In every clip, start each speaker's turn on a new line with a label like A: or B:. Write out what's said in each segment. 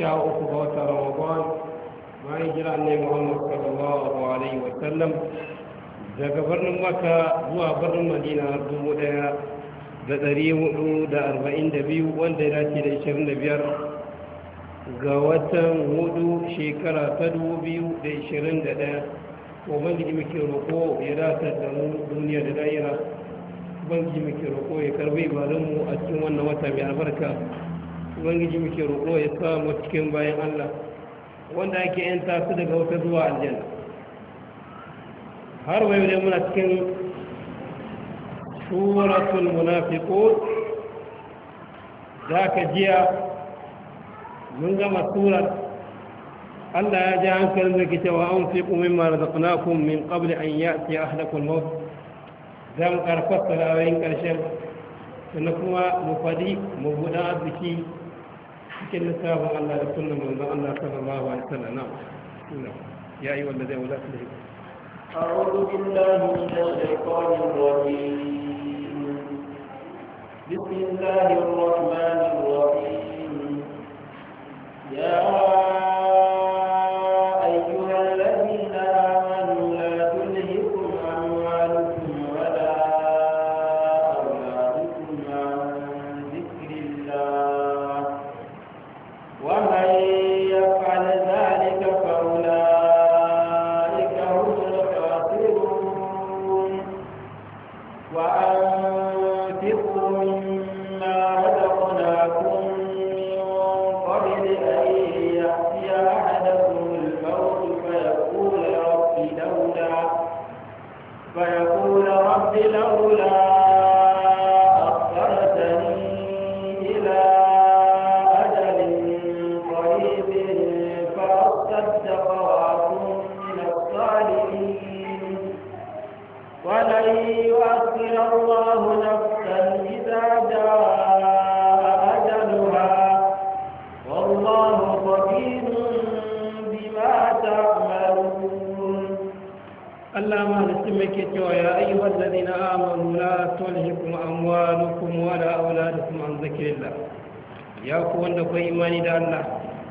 A: sha uku ga wata ramadan bayan jira ne muhammadu sallallahu alaihi wa sallam daga birnin maka zuwa birnin madina dubu daya da ɗari hudu da arba'in da biyu wanda ya dace da ishirin da biyar ga watan hudu shekara ta dubu biyu da ishirin da ɗaya ubangiji muke roƙo ya dace da mu duniya da da'ira ubangiji muke roƙo ya karbi ibadunmu a cikin wannan wata mai albarka ubangiji muke roƙo ya sa mu cikin bayan Allah wanda ake yanta su daga wata zuwa aljanna har wayo ne muna cikin suratul munafiqun zaka jiya mun gama surar Allah ya ji hankalin da ke wa an fi kumin mara da min qabli an yi ake a zan ƙarfasta ƙarshen sannan kuma mu faɗi mu buɗa arziki cikin lissafin Allah da sunan manzon Allah sallallahu alaihi wasallam na ya yi wanda zai wula su da shi
B: أعوذ بالله من الشيطان الرجيم بسم الله الرحمن الرحيم يا
A: Allah mahalicin mai ke cewa ya ayi wallazi na amonu la tulhikum amwalukum wala auladukum an zikrillah ya ku wanda ku imani da Allah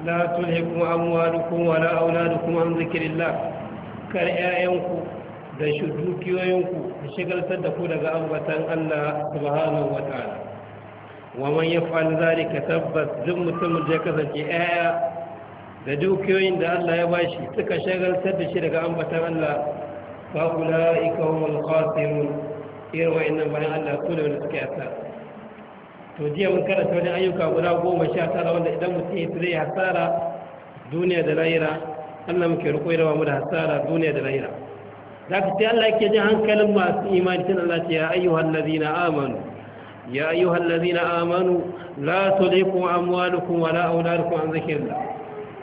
A: la tulhikum amwalukum wala auladukum an zikrillah kar ku da dukiyoyinku da shigaltar da ku daga ambatan Allah subhanahu wa wataala wa man yaf'al zalika tabbas duk mutum da kasance ƴaƴa da dukiyoyin da Allah ya bashi suka shagaltar da shi daga ambatan Allah فأولئك هم الخاسرون إروا إنما أن كل الكاسة تودي من كانت ولي أيوكا ولا قوم شاترا ولا إذا متيت hasara duniya da دلائرة Allah muke riko irawa mu da hasara duniya da lahira ka ce Allah yake jin hankalin masu imani tun Allah ce ya ayyuhal ladina amanu ya ayyuhal ladina amanu la tulikum amwalukum wala auladukum an zikrillah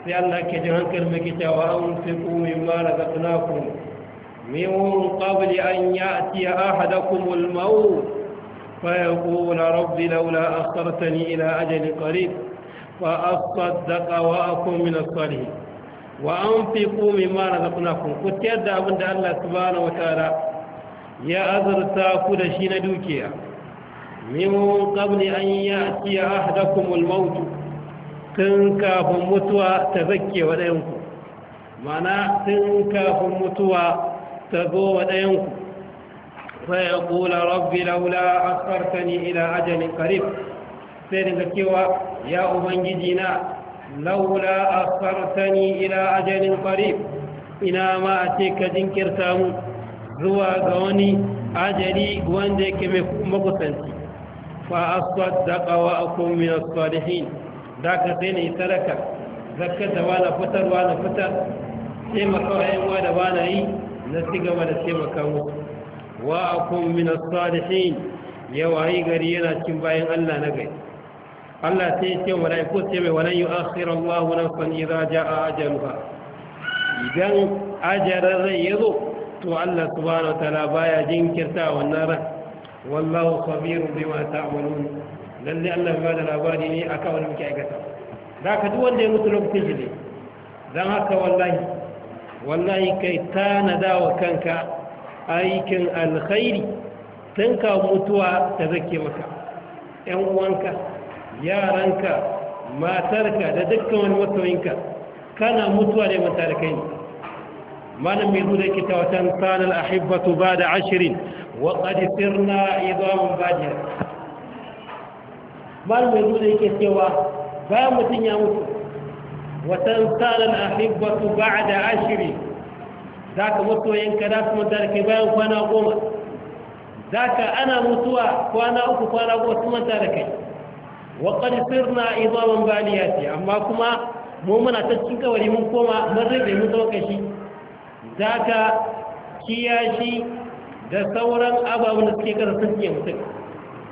A: sai Allah yake jin hankalin muke cewa an fi ku na razaqnakum من قبل أن يأتي أحدكم الموت فيقول رب لولا أخرتني إلى أجل قريب فأصدق وأكون من الصالحين وأنفقوا مما رزقناكم كنت يدعى من الله سبحانه وتعالى يا أزرتا كل شيء دوكيا من قبل أن يأتي أحدكم الموت تنكا فمتوى تذكي ولينكم معنى تنكا فمتوى تبو ودينك فيقول رب لولا أخرتني إلى أجل قريب سيدنا يا أبنجينا لولا أخرتني إلى أجل قريب ina ma a ce ka jinkirta mu zuwa ga wani ajali wanda yake makusanci fa aswad da kawa akun min salihin da ka sai ne sadaka zakka da fitarwa na fitar sai wa da yi na ci gaba da taimaka musu wa akun min as-salihin ya yi gari yana cin bayan Allah na gai. Allah sai ya ce malaiku sai mai walan na Allah nafsan a jaa ajaluha idan ajaran rai yazo to Allah subhanahu wataala baya jinkirta wannan ran wallahu khabirun bima ta'malun lalle Allah ba da labari ne a wani muke aikata da ka duk wanda ya mutu lokacin shi ne dan haka wallahi wallahi kai tanada wa kanka aikin alkhairi tun ka mutuwa ta zake maka yan uwanka yaranka matarka da dukkan wani masoyinka kana mutuwa ne mata da kai malam mai zuwa kita watan a ahibbatu ba da ashirin wa ƙadisir na izamun bajiyar malam mai zuwa yake cewa bayan mutum ya mutu وتنسال الأحبة بعد عشر ذاك متوى إن كذاك من ذلك بيان كوانا قوما ذاك أنا متوى كوانا أكو كوانا قوما ثم ذلك وقد صرنا عظاما بالياتي أما كما مؤمنا تشكك ولمن كوما مرد متوكشي ذاك kiyashi da sauran ababen da suke kasa sun mutum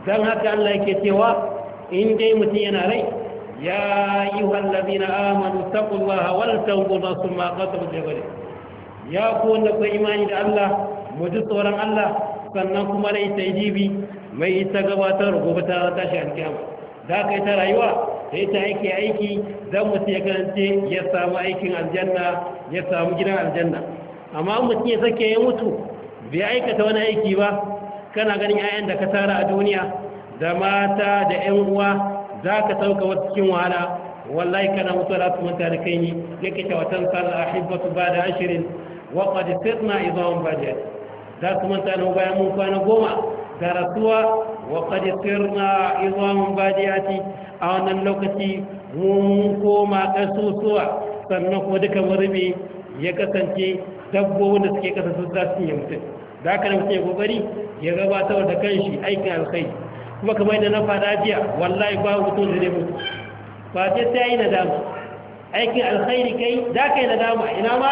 A: don haka Allah yake cewa in dai mutum yana rai يا أيها الذين آمنوا اتقوا الله ولتنظر نفس ما قدمت لغد يا كون لك إيمان الله مجد صورا الله sannan kuma da ita jibi mai ita gabatar gobe ta tashi alkiyama da ka ita rayuwa da ita yake aiki don mutum ya karance ya samu aikin aljanna ya samu gidan aljanna amma mutum ya sake ya mutu bai aikata wani aiki ba kana ganin 'ya'yan da ka tara a duniya da mata da 'yan uwa za ka sauka wata cikin wahala wallahi kana mutuwa za su manta da kai ne yake kyawatan sallah ahibbatu ba da ashirin wa qad sirna idan bajat za su manta da bayan mun kwana goma da rasuwa wa qad sirna idan bajati a wannan lokaci mun koma kasusuwa sannan kuma duka murbi ya kasance dabbobin da suke kasa su za su yi mutum da haka da mutum ya kokari ya gabatar da kanshi aikin alkhairi kuma kamar yadda na fada jiya wallahi ba mutum zai mutu ba ce sai yi nadama aikin alkhairi kai za ka yi nadama ina ma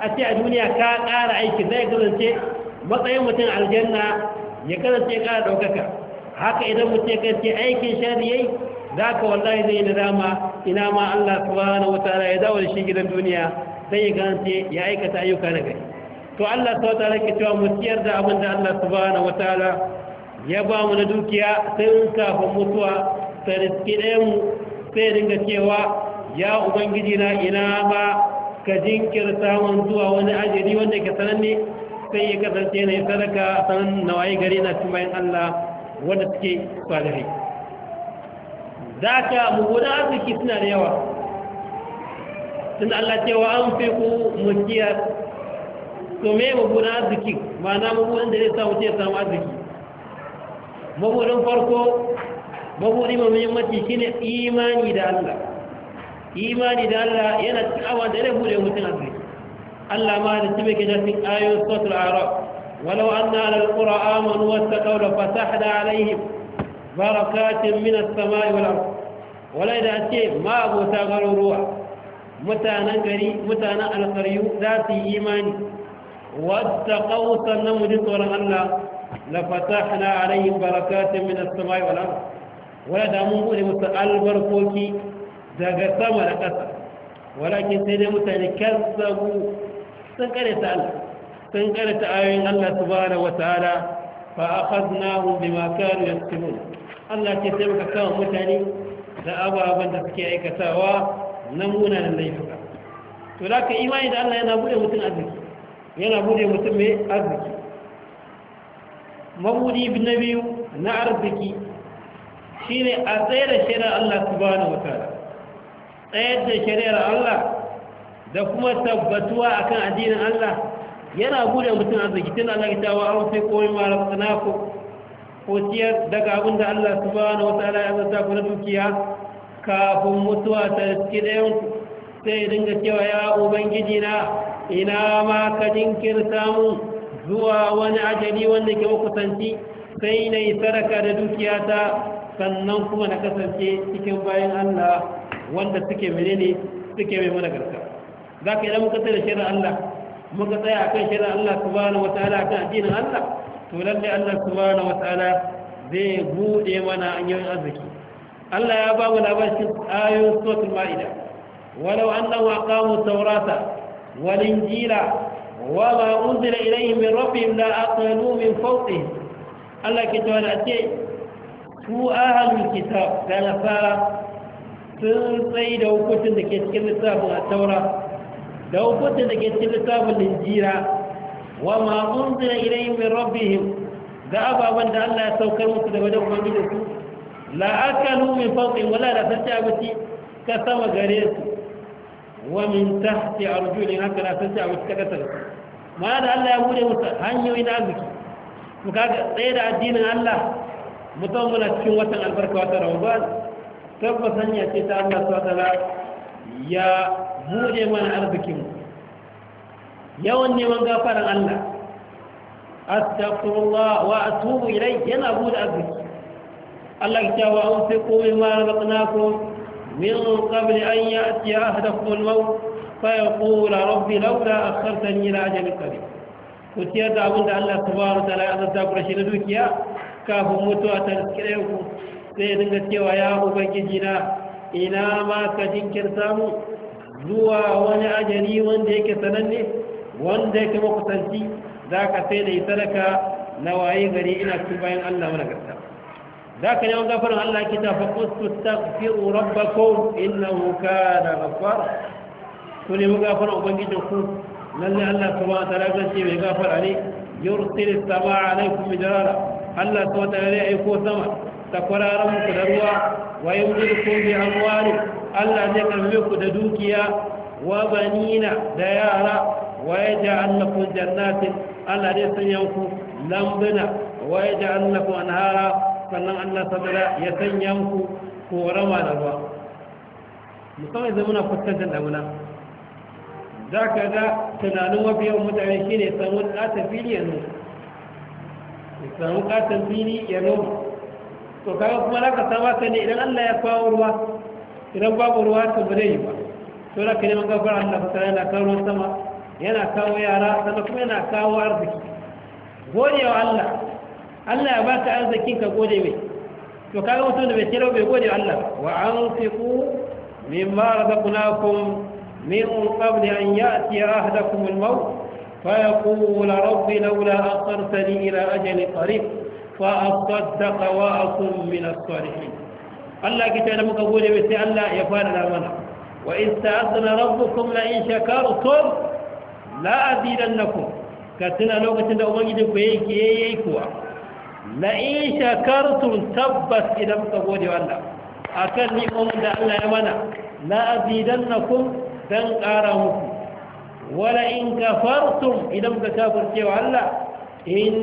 A: a ce a duniya ka ƙara aikin zai kasance matsayin mutum aljanna ya kasance ƙara ɗaukaka haka idan mutum ya kasance aikin shari'ai za ka wallahi zai yi nadama ina ma allah subhanahu wa ta'ala ya dawo da shi gidan duniya sai ya kasance ya aikata ayyuka na gari to allah subhanahu wa ta'ala ke cewa mu ciyar da abin da allah subhanahu wa ta'ala ya ba mu na dukiya sai in kafin mutuwa ta riski mu sai dinga cewa ya ubangiji na ina ba ka jinkirta mun zuwa wani ajiri wanda ke sananne sai ya kasance ne sadaka sanan nawayi gari na cin bayan Allah wanda suke salihai za ka mugunan arziki suna da yawa tun Allah cewa an fi ku muskiyar su mai muguda arziki na mugudan da zai samu ce samu arziki Mabuɗin farko mabudi mai muhimmanci shine imani da Allah imani da Allah yana awa da rabu da mutum azri Allah ma da tibe ke cikin ayoyin suratul a'raf walau anna ala alqura amanu wattaqaw la fatahna alaihim barakatin min as sama wal ard wala da ce ma abota garuruwa mutanen gari mutanen alƙaryu za su yi imani wata ƙausar na mujin tsoron Allah lafatahana alayhim barakatun min as-samai wal ard wala damu gode musu albarkoki daga sama da ƙasa walakin sai dai mutane kazzabu sun karanta Allah sun karanta ayoyin Allah subhanahu wataala fa akhadnahu bima kanu yaktumun Allah ke sai muka kawo mutane da ababan da suke aikatawa na munanan laifuka to laka imani da Allah yana bude mutum mai azuki mabudi na biyu na arziki shi ne a tsaye da shari'ar Allah subhanahu wa ta'ala tsayar da shari'ar Allah da kuma tabbatuwa akan addinin Allah yana bude mutum arziki tun Allah ya tawa an sai koyi malam tsanako ko ciyar daga abin da Allah subhanahu wa ta'ala ya zata ku na dukiya kafin mutuwa ta riski ɗayan sai dinga cewa ya ubangiji na ina ma ka jinkirta mu zuwa wani ajali wanda ke makusanci sai na yi sadaka da dukiyata sannan kuma na kasance cikin bayan Allah wanda suke menene suke mai mana garka za ka idan muka tsaya da shirin Allah muka tsaya a kan shirin Allah su subhanahu wa ta'ala a kan addinin Allah to lallai Allah su subhanahu wa ta'ala zai buɗe mana hanyoyin arziki Allah ya ba mu labarin ayoyin suratul ma'ida walau an ɗan waƙa mu saurata wal jira. وما أنزل إليهم من la لا أقلوا من فوقهم الله كتاب أتي su ahalin kitab da nasara sun tsaye da hukuncin da ke cikin littafin a taura da hukuncin da ke cikin littafin linjira wa ma'amun zira ilayin min rabbihim da ababen da allah ya saukar musu da wajen ubangiji su la'akalu min fauƙin wala da sassa abinci ka sama gare su ومن تحت أرجلها ثلاثة أو ثلاثة ما هذا الله يقول مس هنيو إلى ذكي وكذا غير الدين الله متومنا cikin watan albarka watan Ramadan tabbas hanya ce ta Allah subhanahu ya bude mana arzikin yawan neman gafaran Allah astaghfirullah wa atubu ilayhi yana bude arziki Allah ya ce wa anfiqu mimma razaqnakum من قبل أن يأتي أهدكم الموت فيقول رب لولا أخرتني إلى أجل قريب كتير دعوند الله سبحانه وتعالى shi na dukiya kafin mutuwa ta riskire ku zai dinga cewa ya ubangiji na ina ma ka jinkirta zuwa wani ajali wanda yake sananne wanda yake makusanci za ka sai da sadaka na waye gari ina cikin bayan allah mana gasta za ka yi gafarin Allah ki ta faƙo su ta fi rabba kowun ina wuka da gafar su nemi gafarin ubangijin ku lalle Allah su ba ta ragar ce mai gafara ne yau tsiri ta ba a nai kuma jirara Allah su wata rari aiko sama ta kwararar muku da ruwa waye wujin kogi an wani Allah zai karbe ku da dukiya wa banina da yara waye ja annakun jannatin Allah zai sanya ku lambuna waye ja annakun anhara sannan Allah sadara ya sanya muku korama da ruwa musamman zai muna fuskantar damuna za ka ga tunanin mafi yawan mutane shi ne samun ƙatar fili ya noma ya samu ƙatar fili ya noma to kaga kuma za ka sama ka ne idan Allah ya kawo ruwa idan babu ruwa to bude yi ba to za ka neman gafara Allah fasara yana kawo ruwan sama yana kawo yara sannan kuma yana kawo arziki gode wa Allah Allah ya baka arzikin ka gode mai to kaga mutum da bai tirau bai gode Allah wa anfiqu mimma razaqnakum min qabli an ya'ti ahadakum al-maut fa yaqul rabbi laula aqartani ila ajalin qarib fa asaddaq wa akun min as-salihin Allah kita da muka gode mai sai Allah ya fara da mana wa in ta'adna rabbukum la in shakartum la adidannakum ka tuna lokacin da ubangiji ku yayi kiyayye kuwa la'in shakartun tabbas idan ka gode wannan a kan ni'omin da Allah ya mana la'azidan na kun don ƙara muku wala in kafartum idan ka kafirce wa Allah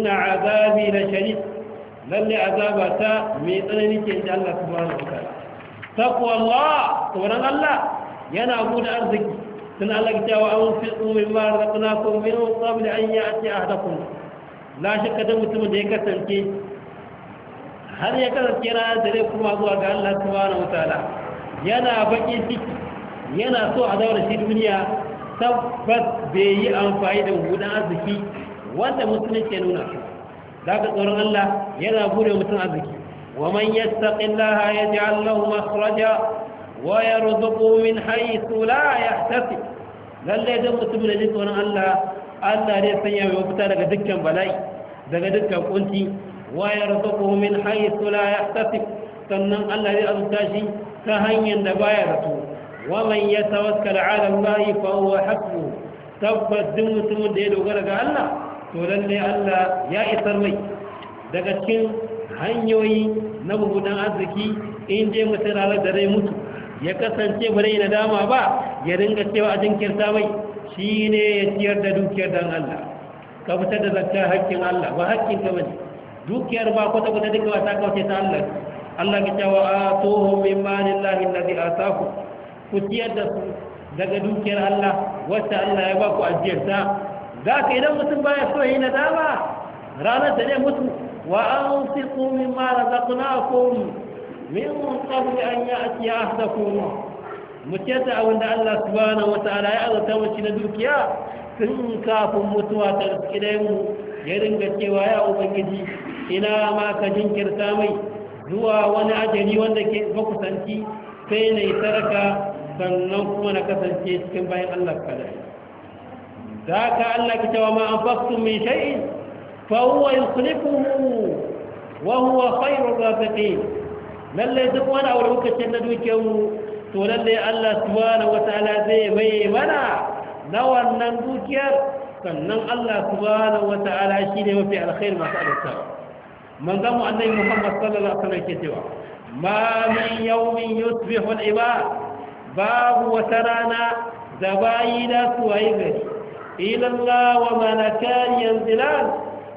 A: na azabi na shari lalle azaba ta mai tsanani ke da Allah subhanahu mara ta'ala taqwa Allah tsoron Allah yana bude arziki tun Allah ya ce wa an fi min ma razaqnakum min qabli an ya'ti ahadakum la da mutumin da ya kasance har ya kasance ranar da zai kuma zuwa ga Allah subhanahu wataala yana bakin ciki yana so a daura shi duniya tabbas bai yi amfani da hudan arziki wanda musulunci ya nuna Da ka tsoron Allah yana bude mutum arziki wa man yattaqillaha yaj'al lahu makhraja wa yarzuqhu min haythu la yahtasib lalle da mutum da tsoron Allah Allah ne sanya mai mafita daga dukkan bala'i daga dukkan kunci wa yarzuquhu min haythu ya tafi sannan Allah zai azurta shi ta hanyar da baya rato wa man yatawakkal ala Allah fa huwa hasbuhu tabbas duk mutumin da ya dogara ga Allah to lalle Allah ya isar mai daga cikin hanyoyi na bugudan arziki in je mutum ranar da zai mutu ya kasance ba zai nadama ba ya dinga cewa a jinkirta mai shi ne ya ciyar da dukiyar dan Allah ka fitar da zakka hakkin Allah ba hakkin ka bane dukiyar ba kwata duk ba ta kauce ta Allah Allah ya ce wa atuhum min malillahi allazi ataku ku tiyar da su daga dukiyar Allah wacce Allah ya ba ku ajiyar ta zaka idan mutum baya so yi nadama ranar da ne mutum wa anfiqu mimma razaqnakum min qabl an ya'ti ahdakum da abinda Allah subhanahu wa ta'ala ya azata mu na dukiya tun kafin mutuwa ta mu ya ringa cewa ya ubangiji ina ma ka jinkirta mai zuwa wani ajali wanda ke makusanci sai na yi saraka sannan kuma na kasance cikin bayan allah kada za ka allah ki cewa ma an fasu mai shai fawuwa yi sulikuhu wahuwa khairu rafiqin lallai duk wani a wurin ce na mu, to lallai allah subhanahu wataala zai mai mana na wannan dukiyar sannan Allah subhanahu shi ne mafi alkhair masu alƙa manzon mu annabi Muhammad sallallahu alaihi wasallam ke cewa ma min yawmin yusbihu al-ibad babu wata rana da bayi da su waye gari ila Allah wa malakan yanzilan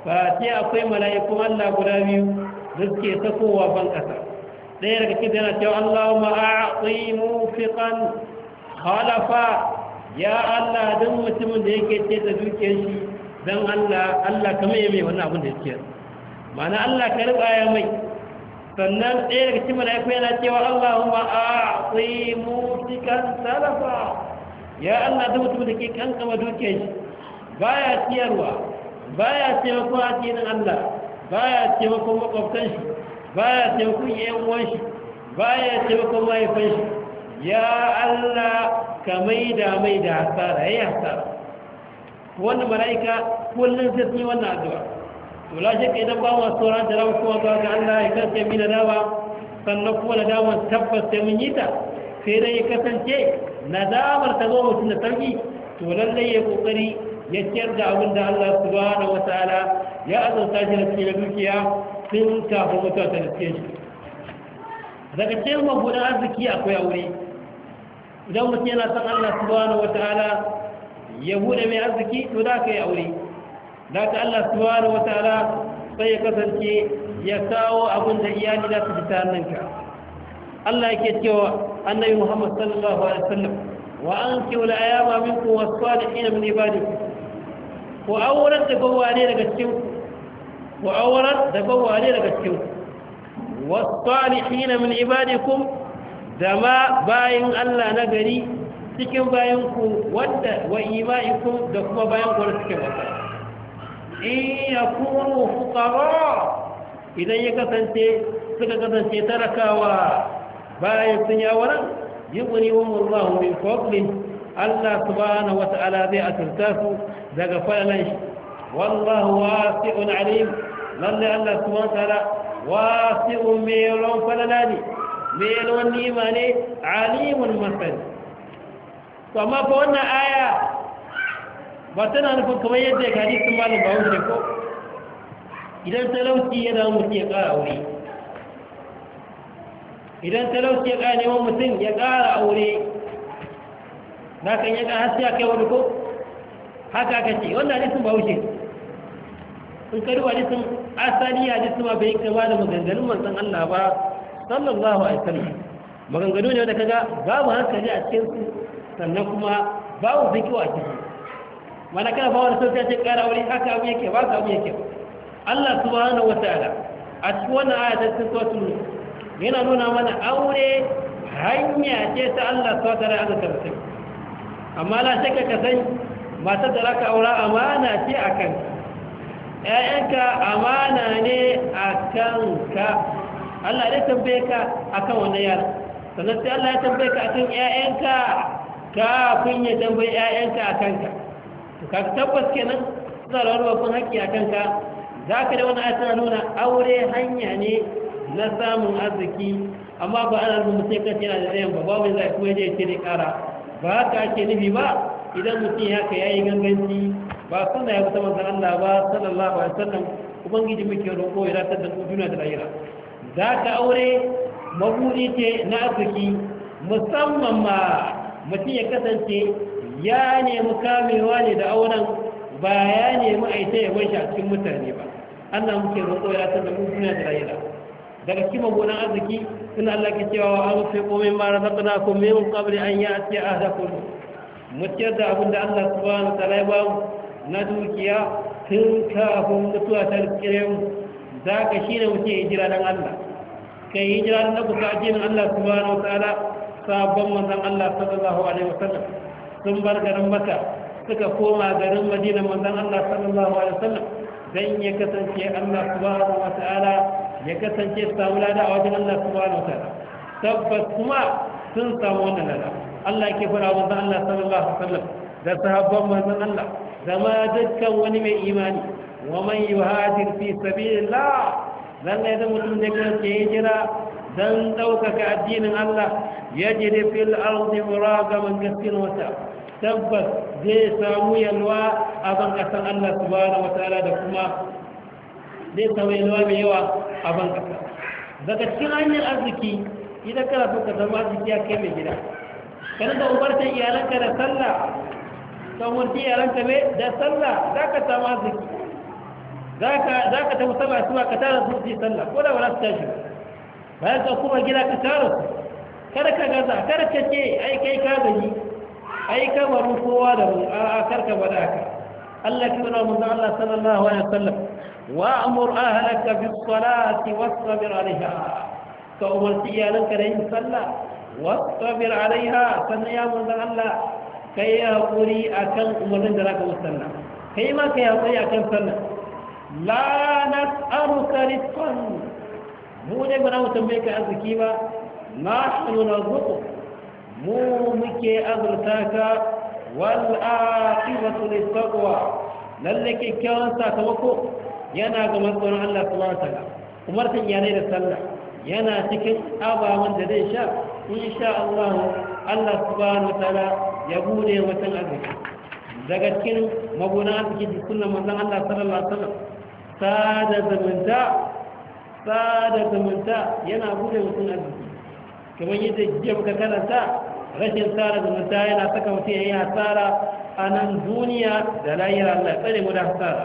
A: fa sai akwai mala'iku Allah guda biyu da suke sakowa ban kasa Daya daga cikin yana cewa Allahumma a'ti mufiqan khalafa ya Allah don mutumin da yake ce da dukiyar shi don Allah Allah kamar ya mai wani abin da ya ciyar mana Allah ka riba ya mai sannan ɗaya daga cikin mala'iku yana cewa Allahumma a'ti mutikan salafa ya Allah don mutumin da ke kankama dukiyar shi baya ciyarwa baya taimakon addinin Allah baya taimakon makwabtan shi baya taimakon yan uwan shi baya taimakon mahaifan shi ya Allah ka maida mai da hasara ya yi hasara wannan mala'ika kullum sai sun yi wannan addu'a to lashe ka idan ba mu sauran da rawar kuma ga Allah ya kasance mi na ba sannan kuma na damar tabbas sai mun yi ta sai dai ya kasance nadamar ta zo mutum da sarki to lallai ya kokari ya ciyar da abin da Allah subhanahu wataala ya azauta shi da cikin dukiya sun kafin mutuwa ta cikin shi daga cikin mabudan arziki akwai aure idan mutum yana son Allah subhanahu wataala ya bude mai arziki to za ka yi aure za ka Allah subhanahu wataala sai ya kasance ya kawo abin da iyali za su ji ta ka. Allah yake cewa annabi Muhammad sallallahu alaihi wasallam wa anki wal ayama minkum was-salihin min ibadikum ku aurar da bawale daga cikin ku aurar da bawale daga cikin was-salihin min ibadikum da bayan Allah na gari cikin bayan bayanku wadda wa ima'ikum da kuma bayanku wadda suke wata in ya kuru fukara idan ya kasance suka kasance tarakawa bayan sun yawaran yi ƙuni wa mullahu min foklin Allah subhanahu wa ta'ala zai a su daga falalan shi wallahu wasi'un alim lallai Allah subhanahu wa ta'ala wasi'un mai yawan falala ne mai wani nima ne alimun masani to amma fa wannan aya ba tana nufin kamar yadda ya ga hadisin malam ba ne ko idan talauci ya damu mutum ya ƙara aure idan talauci ya ƙara neman mutum ya ƙara aure na kan ya ƙara hasi a kai wani ko haka ka ce wannan hadisin ba wuce in karuwa hadisin asali hadisin ma bai kama da maganganun manzon Allah ba sallallahu alaihi wasallam maganganu ne da kaga babu hankali a cikin su sannan kuma babu zikiwa a cikin mana kana ba wani sauki ce kara wuri haka abu yake ba ka abu yake Allah subhanahu wataala a cikin wannan aya ta cikin suratul yana nuna mana aure hanya ce ta Allah subhanahu wataala a cikin amma la shakka ka san matar da zaka aura amana ce akan ƴaƴanka amana ne akan ka Allah ya tambaye ka akan wannan yara sannan sai Allah ya tambaye ka akan ƴaƴanka ka ya tambaye ƴaƴanka akan ka to ka tabbas kenan suna da wani babban haƙƙi a kanka za ka da wani ayatana nuna aure hanya ne na samun arziki amma ba ana nuna mutum kan yana da ɗayan ba babu zai kuma je ce ne ƙara ba haka ake nufi ba idan mutum ya ka yayi ganganci ba suna ya fita manzan Allah ba sallallahu alaihi wasallam ubangiji muke roƙo ya ratar da juna da lahira za ta aure mabuɗi ce na arziki musamman ma mutum ya kasance ya nemi kamewa ne da auren ba ya nemi aita ya bai a cikin mutane ba allah muke roƙo ya san da mu duniya da rayuwa daga cikin mabuɗin arziki suna allah ke cewa wa an fi komai mara na ko mun kabri an yi a ce a da kudu da abin da allah su wa ta'ala ya ba na dukiya tun kafin mutuwa ta rikirin za ka shi da mutum ya jira don allah kai hijira na buka addinin Allah subhanahu wataala sabon manzon Allah sallallahu alaihi wasallam sun bar garin Makka suka koma garin Madina manzon Allah sallallahu alaihi wasallam dan ya kasance Allah subhanahu wataala ya kasance samu lada a wajen Allah subhanahu wataala tabbas kuma sun samu wannan lada Allah ke fara manzon Allah sallallahu alaihi wasallam da sabon manzon Allah zama dukkan wani mai imani wa man yuhajir fi sabilillah lalle da mutum da ke ya jira don ɗaukaka addinin Allah ya jire fil arzi muragaman gaskin wata tabbas zai samu yalwa a ban ƙasar Allah subhanahu wa ta'ala da kuma zai samu yalwa mai yawa a ban ƙasa daga cikin hanyar arziki idan kana so ka zama arziki a kai mai gida kana da umarta iyalanka da sallah ka umarci iyalanka mai da sallah za ka samu arziki za ka tafi sallah suwa ka tara su su sallah ko da ba za su tashi bayan ka kuma gida ka tara su kar ka gaza kar ka ce ai kai ka gaji ai ka baro kowa da mu a kar ka bada ka Allah ki wani mun Allah sallallahu alaihi wasallam wa amur ahlaka bis salati wasbir alaiha ka umarci iyalanka da yin sallah
B: wasbir
A: alaiha sannan ya mun Allah kai hakuri akan umarnin da zaka musalla kai ma kai hakuri akan sallah la nas'aluka rizqan mu ne ba za mu ka arziki ba na hannu na zuku mu muke azurta ka wal su lit-taqwa lalle kyakkyawan sakamako yana ga matsoron Allah subhanahu wa ga Umar kan yanayi da sallah yana cikin ababen da zai sha insha Allah Allah subhanahu wa ya bude wata arziki daga cikin magunan arziki da sunan manzon Allah sallallahu alaihi wasallam sada zamanta sada zamanta yana bude mutum arziki kamar yadda jiya muka karanta rashin sada zamanta yana saka ya yi hasara a nan duniya da lahira Allah tsare mu da hasara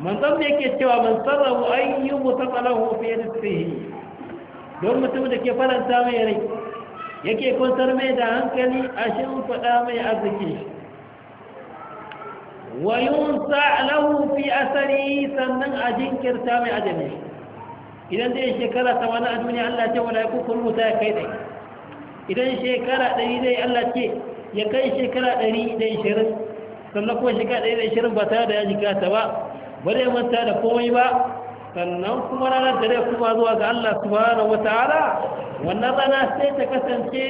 A: zan da yake cewa man sarrahu an yi mutaqalahu fi rizqihi don mutum da ke faranta mai rai yake kwantar mai da hankali a shin fada mai arziki wa yunsa lahu fi asari sannan a jinkirta mai ajami idan zai shekara tamanin a duniya Allah ce wani yaku kun ta ya kai dai idan shekara ɗari zai Allah ce ya kai shekara ɗari da ishirin sannan kuma shekara ɗari da ishirin ba tare da ya jikata ba ba zai manta da komai ba sannan kuma ranar da zai kuma zuwa ga Allah subhanahu wataala wannan rana sai ta kasance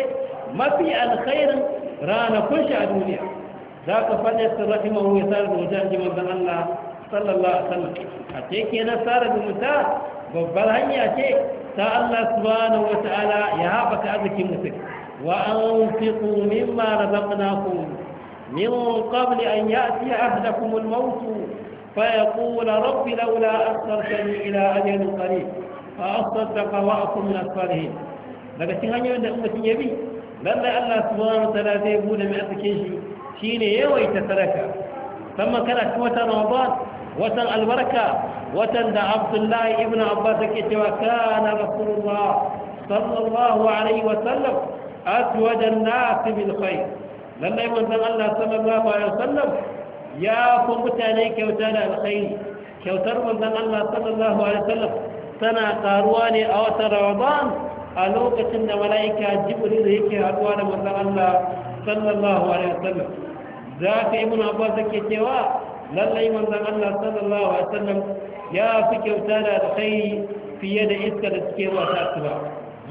A: mafi alkhairin ranakun shi a duniya za ka faɗa su rahimahu ya tsara da wajen ji manzan Allah sallallahu alaihi wasallam a ce ke na tsara da mutum babbar hanya ce ta Allah subhanahu wa ta'ala ya haɓaka arzikin mutum wa an fi kumin ma razaqnakum من قبل أن يأتي أهلكم الموت فيقول رب لولا أخرتني إلى أجل قريب فأصدق وأكن من الصالحين daga cikin hanyoyin da umarci ya bi lallai Allah subhanahu wa ta'ala zai bude mai arzikin shi Shi shine yawaita sadaka sannan kana cikin watan ramadan watan albarka watan da abdullahi ibn abbas yake cewa kana rasulullah sallallahu alaihi wa sallam azwaj an-nas bil khair lallai manzon Allah sallallahu alaihi wa sallam ya fi mutane kyauta da alkhairi kyautar manzon Allah sallallahu alaihi wa sallam tana karuwa ne a wata ramadan a lokacin da mala'ika jibril yake haduwa da manzon Allah sallallahu alaihi wasallam za ka ibn abbas yake cewa lallai manzon Allah sallallahu alaihi wasallam ya fi kyauta da alkhairi fiye da iska da suke ruwa ta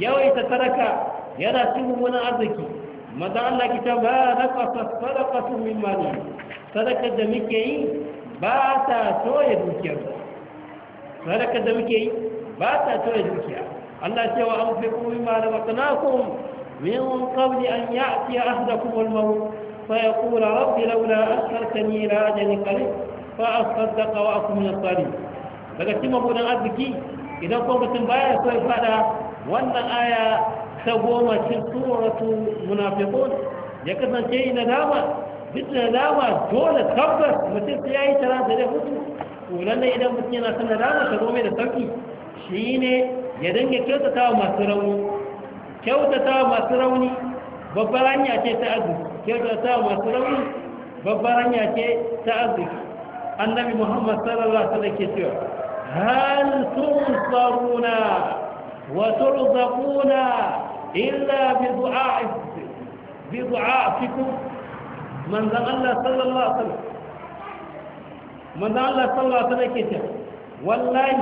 A: Yau ita sadaka yana cikin wani arziki maza Allah ki ta ba na kasa sadaqatu min mali sadaka da muke yi ba ta toye dukiyar sadaka da muke yi ba ta toye dukiya Allah ce wa anfiqu mimma razaqnakum من قبل أن يأتي أحدكم الموت فيقول رب لولا أشرتني إلى أجل قريب فأصدق وأكون من الصالحين daga cikin mabudan arziki idan kuma mutum baya so ya fada wannan aya ta goma cin suratu munafiqun ya kasance ina dama duk da dama dole tabbas mutum sai yayi tara da da mutu to idan mutum yana son dama, ta zo da sauki shine ya dinga kyautata wa masu rauni kyautata masu rauni babbar hanya ce ta arziki kyautata masu rauni babbar hanya ce ta arziki annabi muhammad sallallahu alaihi wasallam ke cewa hal tunsaruna wa turzaquna illa bi du'a'ikum bi du'a'ikum manzon Allah sallallahu alaihi wasallam manzon Allah sallallahu alaihi wasallam ke cewa wallahi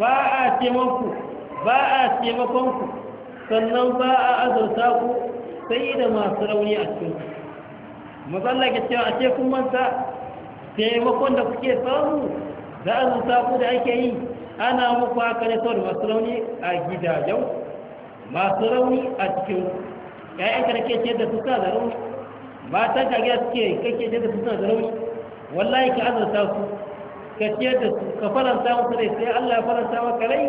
A: ba a taimakonku ba a sannan ba a azauta ku sai da masu rauni a cikin matsala ke cewa a cikin kun manta taimakon da kuke samu a azauta ku da ake yi ana muku haka ne saboda masu rauni a gidajen masu rauni a cikin ƴaƴan ka ke ce da su da rauni mata ga gida suke kake ce da su da rauni wallahi ka azauta ku? ka ce da su ka faranta musu rai sai Allah ya faranta maka rai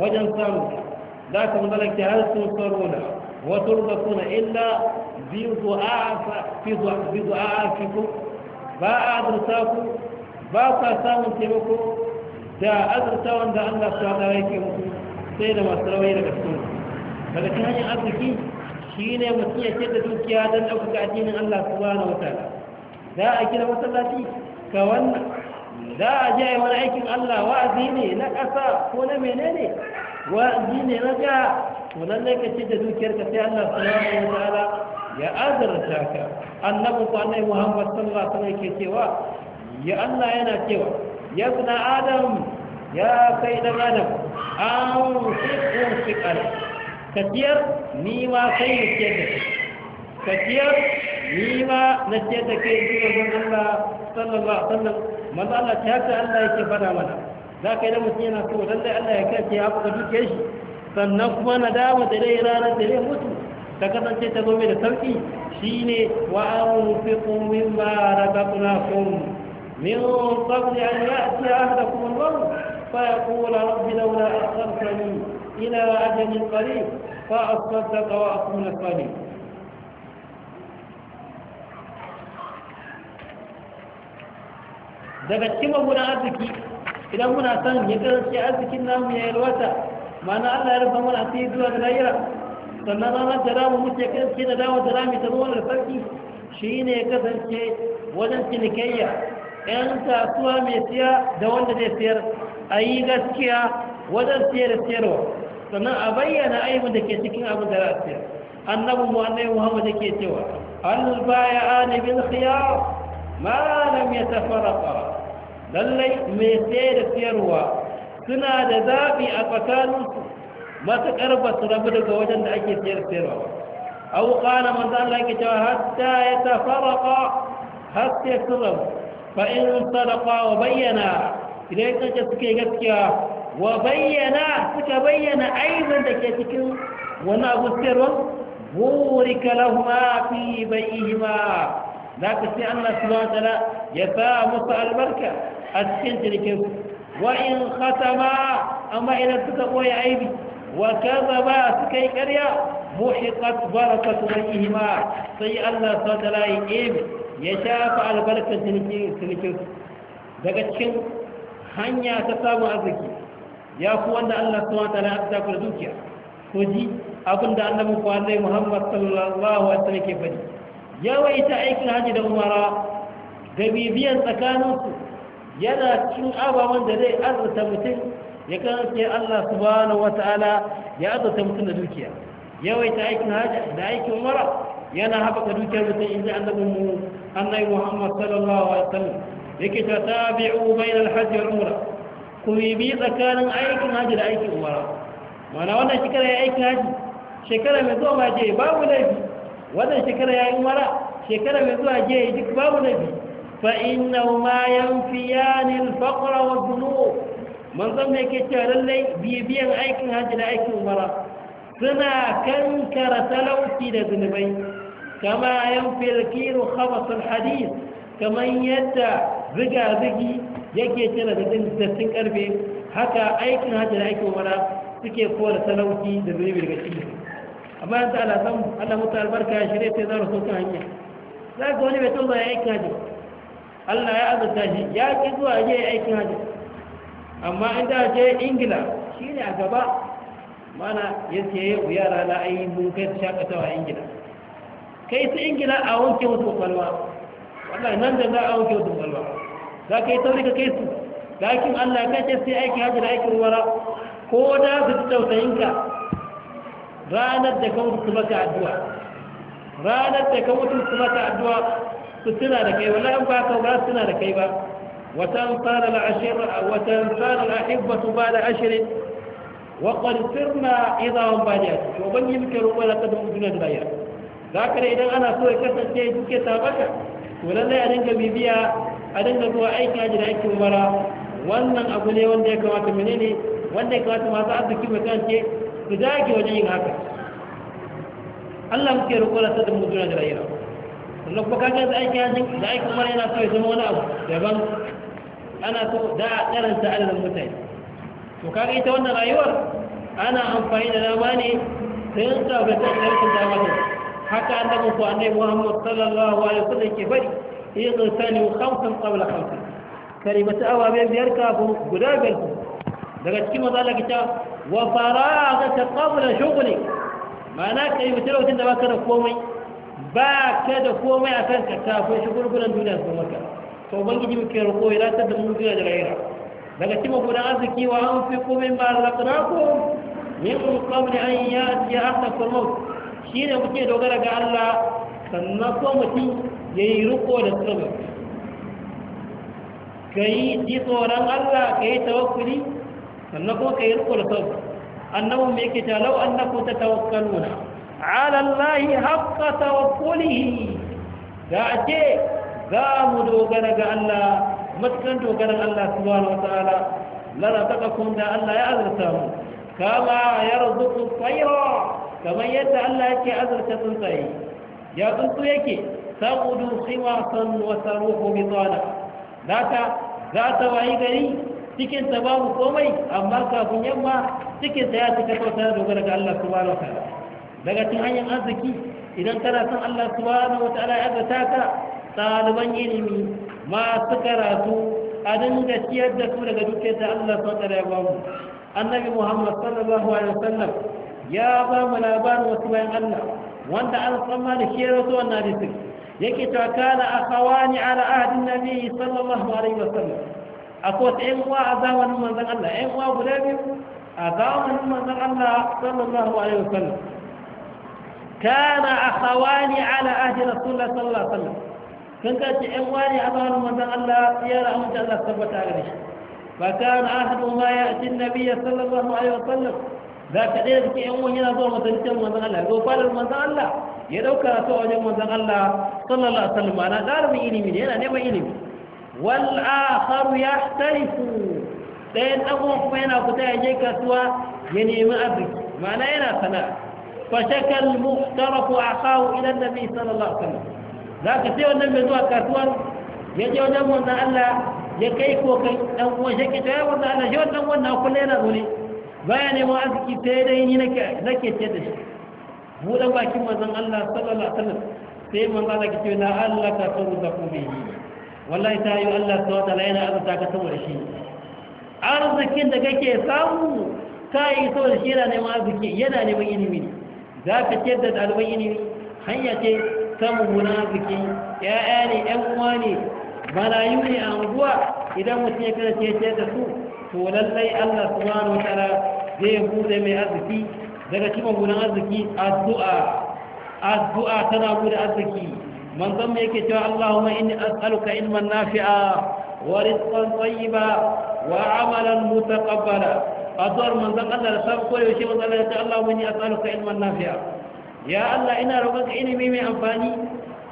A: wajen samu ذاك ملك هل تنصرون وتربطون إلا بضعاف في أدرتاكم با قاسامن تيمكم جاء أدرتاون دا الله سبحانه عليكم سيدة ما سروي لك السنة فلكن هذه أدركي شيني مسيح كده دوكي هذا الأوكي قاعدين الله سبحانه وتعالى لا أكيد وصلاتي
B: كوانا za a je
A: wani aikin Allah wa'azi ne na ƙasa ko wa'azi ne na ga to lallai ka ce da dukiyar ka sai Allah subhanahu wa ta'ala ya azarta ka annabi ko annabi Muhammad sallallahu alaihi yake cewa ya Allah yana cewa ya ibna adam ya kai dan adam an fiqun fiqar ka tiyar ni ma kai ne ke da ka tiyar ni ma na ce da kai zuwa ga Allah sallallahu alaihi wasallam manzo Allah ta haka Allah yake fada mana za ka yi da mutum yana so lallai Allah ya kace ya buga dukiyar shi sannan kuma nadama da dai ranar da zai mutu ta kasance ta zo mai da sauki shine wa anfiqu mimma razaqnakum min qabli an ya'ti ahadakum al-maut fa yaqul rabbi lawla akhartani ila ajalin qarib fa asaddaqa wa akun salih daga cikin mabudan arziki idan muna son ya kasance arzikin namu ya yalwata ma'ana Allah ya rufa mana asiri zuwa ga lahira sannan ranar da ramu mutu ya kasance da dawo da rami ta zama da farki shi ne ya kasance wajen cinikayya yan kasuwa mai siya da wanda zai siyar a yi gaskiya wajen siya da siyarwa sannan a bayyana aibin da ke cikin abin da za a siyar annabin mu annabi muhammad yake cewa al baya ani bil khiyar ma lam yatafarraqa lallai mai sai da siyarwa suna da zaɓi a tsakaninsu matuƙar ba su rabu daga wajen da ake siyar siyarwa abu ƙana manzo Allah yake cewa hatta ya tafarraqa har sai su rabu fa in sadaqa wa bayyana idan kace suke gaskiya wa bayyana suka bayyana aibin da ke cikin wani abu siyarwa burika lahuma fi bayyihima za ka ce Allah su wa tsara ya sa musu albarka a cikin cirkinsu wa in khatama amma idan suka koya aibi wa kaza ba suka yi ƙarya muhiqat baraka su zai yi ma sai Allah su wa tsara ya ƙebe ya shafa albarka cirkinsu daga cikin hanya ta samun arziki ya fi wanda Allah su wa tsara a zakar dukiya ko ji abinda annabi kwanai muhammad sallallahu alaihi wasallam ke faɗi yawaita aikin haji da umara da bibiyan tsakaninsu yana cin ababen da zai arzuta mutum ya kasance Allah subhanahu wata'ala ya arzuta mutum da dukiya yawaita aikin haji da aikin umara yana haɓaka dukiyar mutum in ji mu. annabi Muhammad sallallahu alaihi wasallam yake ta tabi'u bainal hajji wal umra ku bibi tsakanin aikin haji da aikin umara mana wannan shekara ya aikin haji shekara mai zuwa ma je babu laifi wannan shekara ya yi mara shekara mai zuwa jiya duk babu na bi fa inna ma yanfiyani al-faqra wa dhunub manzon ne yake cewa lallai bibiyan aikin hajji da aikin umara suna kankara talauci da zunubai kama yanfi al-kiru khabath kaman yadda ziga zigi yake cire da dattin karfe haka aikin haji da aikin umara suke da talauci da zunubi daga cikin amma yanzu ala samu Allah mutu albarka ya shirya sai zara soka hanya za ka wani mai tauba ya aikin hajji Allah ya azurta shi ya ki zuwa ya yi aikin hajji amma in da ce ingila shi ne a gaba mana ya ce yara na ayi mun kai su shakatawa a ingila kai su ingila a wanke wasu kwalwa Wannan nan da za a wanke wasu kwalwa za ka yi tauri ka kai su lakin Allah ya kace sai aiki hajji da aikin wara ko da su tausayinka ranar da ka mutu su maka addu'a ranar da ka mutu su a addu'a su suna da kai wallahi an ba ka ba su tuna da kai ba وتنصار العشرة وتنصار الأحبة بعد عشر وقد صرنا إذا هم بانيات ومن يمكن ولا قد مدنا دبايا ذاكر إذا ta سوى كسر شيء a dinga bibiya a dinga zuwa aiki a أجل أيك wannan abu ne wanda ya kamata menene wanda ya kamata masu arziki mai kan ku dage wajen yin haka Allah muke roƙo da sadin mu juna da rayuwa sannan kuma kaga da aiki hajji da aiki kuma yana so ya zama wani abu daban ana so da a karanta adadin mutane to kaga ita wannan rayuwar ana amfani da dama ne sai yin tsabatan ɗarkin dama ne haka annabi ko annabi Muhammad sallallahu alaihi wasallam ke bari yin tsani khamsan qabla khamsin kalimatu awa biyar kafin guda biyar daga cikin maza Allah kita wa faragaka qabla shughlik mana kai mutum lokacin da baka da komai ba ka da komai a kanka kafin shugulgulan duniya su maka to ubangiji muke roƙo ya ratar da mu duniya da lahira daga cikin gudan arziki wa an fi komai ma razaqnakum min qabli an ya'ti ahadakum maut shine muke dogara ga Allah sannan ko mutum yayi riko da sabbi kai ji tsoron Allah kai tawakkuli sannan kuma ka yi riko da sauki annabi mai yake ta lau annaku ta tawakkaluna ala Allah haqqa tawakkulihi da ce za mu dogara ga Allah matukan dogaran Allah subhanahu wataala lana taqakum da Allah ya azurta mu kama yarzuqu tayra kamar yadda Allah yake azurta tsuntsaye ya tsuntsu yake taqudu wasan wa taruhu bitana data za ta wayi gari cikin sa babu komai amma kafin yamma cikin sa ya cika kauta da dogara ga Allah subhanahu wataala daga cikin hanyar arziki idan kana son Allah subhanahu wataala ya azata ka ɗaliban ilimi masu karatu a dinga ciyar da su daga dukiyar da Allah subhanahu ya ba annabi Muhammad sallallahu alaihi wasallam ya ba mu labarin wasu bayan Allah wanda an tsammani shi ya rasu wannan hadisin yake cewa kana akhawani ala ahdin nabi sallallahu alaihi wasallam akwai wata yan uwa a zamanin manzan Allah yan uwa guda biyu a zamanin manzan Allah sallallahu alaihi wasallam kana akhawani ala ahdi rasulullah sallallahu alaihi wasallam kan ka ce yan uwa ne a zamanin manzan Allah ya rahmuta Allah tabbata gare shi fa kana ahadu ma ya'ti an-nabiy sallallahu alaihi wasallam za ka ɗaya suke yan wani yana zuwa masallacin manzan Allah ko fadar manzan Allah ya ɗauka su a wajen manzan Allah sallallahu alaihi wasallam ana ɗalibin ilimi ne yana neman ilimi والآخر يحترف ɗayan ɗagon kuma yana fita ya je kasuwa ya nemi arziki ma'ana yana sana'a fashakal muhtarafu akahu ila nabi sallallahu alaihi Za ka sai wannan mai zuwa kasuwar ya je wajen wannan Allah ya kai ko kai ɗan uwan shi ta ya wannan Allah shi wannan wannan kullu yana zuri ya neman arziki sai dai ni na ke ce da shi buɗe dan bakin manzon Allah sallallahu alaihi sai manzon Allah ke ce na Allah ka tawu da kuma yi wallahi ta yi Allah subhanahu yana azurta ka saboda shi arzikin da kake samu ka yi saboda shi yana neman arziki yana neman ilimi za ka ce da ɗaliban ilimi hanya ce ta wani arziki ya'ya ne yan uwa ne marayu ne a unguwa idan mutum ya kana ce da su to lallai Allah subhanahu wataala zai bude mai arziki daga cikin gunan arziki addu'a addu'a tana bude arziki man zan mai yake cewa allahumma inni as'aluka ilman nafi'a wa rizqan tayyiba wa amalan mutaqabbala azwar man zan Allah da sabu kore shi manzo Allah inni as'aluka ilman nafi'a ya allah ina roƙon ka ilimi mai amfani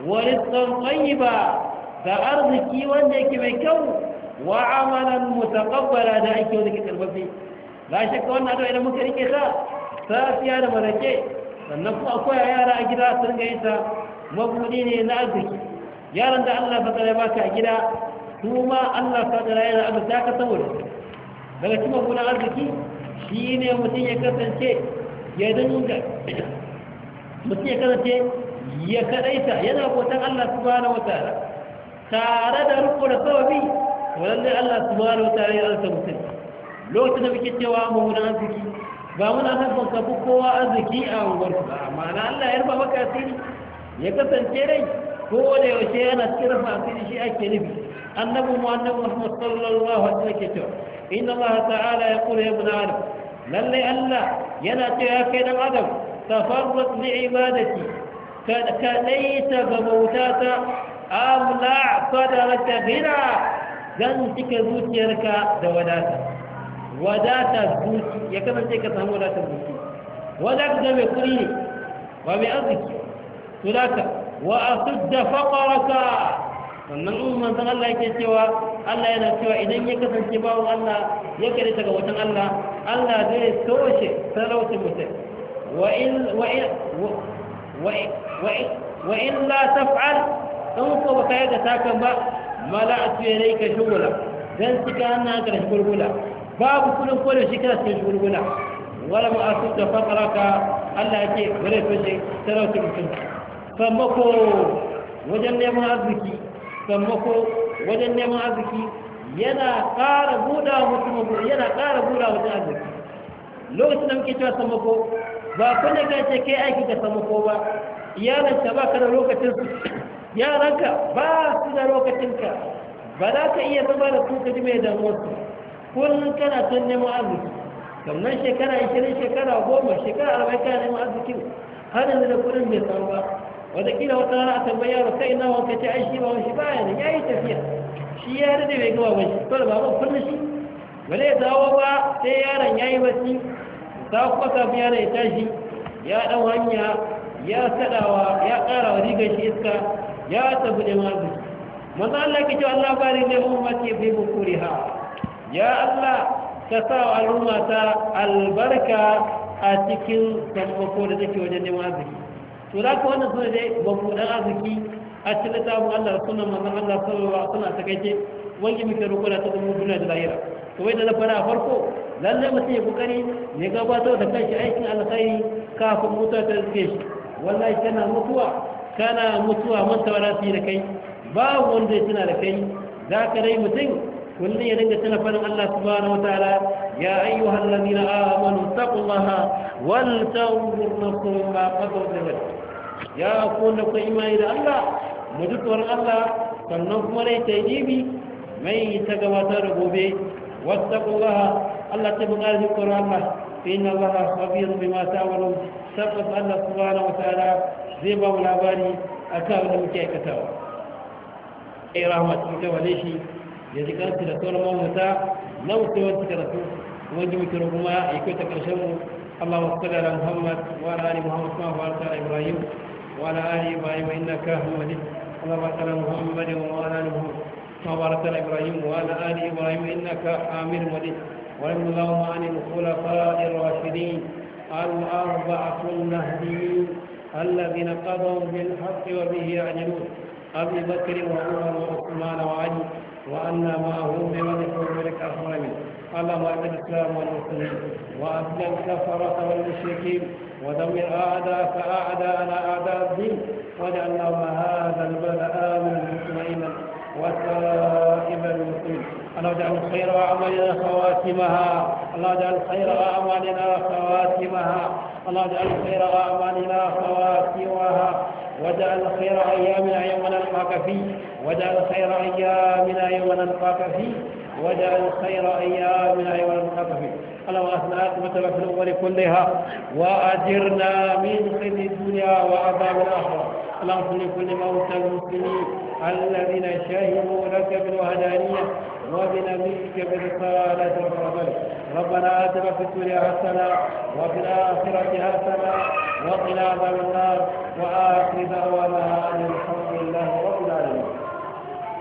A: wa rizqan tayyiba da arziki wanda yake mai kyau wa amalan mutaqabbala da ake wanda ke karbabbe ba shi ka wannan adawa idan muka rike sa safiya da marake sannan kuma akwai yara a gida su ringa mabuɗi ne na arziki yaran da Allah ta ya baka a gida su ma Allah ta na yana arziki ka saboda daga cikin mabuɗin arziki shi ne mutum ya kasance ya dinga mutum ya kasance ya kaɗaita yana bautan Allah su subhanahu wa ta'ala tare da riko da sababi wadannan Allah su subhanahu wa ta'ala ya alta mutum lokacin da muke cewa mabuɗin arziki ba muna haifar ka kowa arziki a unguwarku ba amma na Allah ya rufa maka asiri ya kasance rai ko da yaushe yana cikin rafafin shi ake nufi annabi mu annabi muhammad sallallahu alaihi wasallam ke cewa inna allah ta'ala ya kula ya ibn adam lalle allah yana cewa kai dan adam tafarrat li ibadati ka daita ga bautata amla qadaraka ghina dan cika zuciyarka da wadata wadata zuci ya kasance ka samu wadatar zuci wadata da mai kuri ne wa mai arziki to da ka wa asudda wannan umman san Allah yake cewa Allah yana cewa idan ya kasance bawon Allah ya kare ta ga watan Allah Allah zai toshe sarautin mutum wa in wa in wa in wa in la taf'al in ko baka yi da takan ba mala'atu ilayka shughula dan cika hannun ka da shugula babu kullun ko da shi kana cikin shugula wala ma'asud da fataraka Allah yake bare toshe sarautin mutum sammako wajen neman arziki sammako wajen neman arziki yana ƙara buɗa mutum yana ƙara buɗa wajen arziki lokacin da muke cewa sammako ba kunne ka ce kai aiki ka sammako ba ka ba ka da lokacin su yaranka ba su da lokacin ka ba za ka iya zama da su ka ji mai damuwarsu kullum kana son neman arziki sannan shekara 20 shekara 10 shekara 40 kana neman arziki har yanzu da kudin bai samu ba wataƙila wata rana a tambayi wa kai na wanka ce ai shi ba shi baya da ya yi tafiya shi ya rade bai gama ba shi dole baban kullum shi ba zai dawo ba sai yaron ya yi bacci ta kuma kafin yaron ya tashi ya dan hanya ya sadawa, ya kara wa rigar shi iska ya tafi da mazu maza Allah ke cewa Allah bari ne ummati bi ha? ya Allah ka sa wa al'umma ta albarka a cikin sammako da take wajen neman arziki to da ka wannan suna dai ba mu dan arziki a cikin ta mu Allah sunan manzon Allah sallallahu alaihi wasallam ta kace wangi muke roƙo ta mu duniya da lahira to wai da na fara farko lalle mutum ya kokari ne gabatar da kanshi aikin alkhairi kafin mutuwa ta riske shi wallahi kana mutuwa kana mutuwa mun tawara da kai babu wanda ya tuna da kai za ka dai mutum kullum ya dinga tana faɗin Allah subhanahu wataala ya ayyuhal ladina amanu taqullaha wal tanzur nafsum ma qaddamat ya ku da ku imani da Allah mu ji Allah sannan kuma dai ta yi mai ta gabata da gobe wattaqullaha Allah ta buƙaci tsoron Allah inna Allah khabir bima ta'malun sabab Allah subhanahu wataala zai ba mu labari akan wanda muke aikatawa ai eh, rahmat mutum wale shi ya ji kansu da sauran mamuta na mutuwar suka rasu wanda muke kuma ya kyauta ƙarshen mu Allah wa sallallahu ala Muhammad wa ala ali Muhammad kuma wa ala Ibrahim wa ala ali Ibrahim innaka Hamid Allah wa ala Muhammad wa ala ali Muhammad kuma wa ala Ibrahim wa ala ali Ibrahim innaka Amir Majid wa اللهم عن الخلفاء الراشدين الأربعة المهديين الذين قضوا بالحق وبه يعدلون أبي بكر وعمر وعثمان وعلي وأن ما هم ونحو ذلك أفضل منه اللهم أعز الإسلام والمسلمين وأذل
B: الكفرة والمشركين ودمر أعداءك أعداءنا أعداء الدين وجعلنا مع هذا البلد آمنا مطمئنا وسائما المسلمين اللهم اجعل الخير أعمالنا خواتمها اللهم اجعل الخير أعمالنا
A: خواتمها اللهم اجعل خير أعمالنا خواتمها وجعل خير أيامنا يوم نلقاك فيه وجعل خير أيامنا يوم نلقاك فيه وجعل خير أيامنا يوم نلقاك فيه اللهم أثنى عاقبتنا في الأمور كلها وأجرنا من خزي الدنيا وعذاب الآخرة اللهم صل لكل موتى المسلمين الذين شهدوا لك بالوهدانية وبنا منك برسالة الرسل ربنا آتنا في الدنيا حسنة
B: وفي الآخرة حسنة وقنا عذاب النار وآخر دعوانا أن الحمد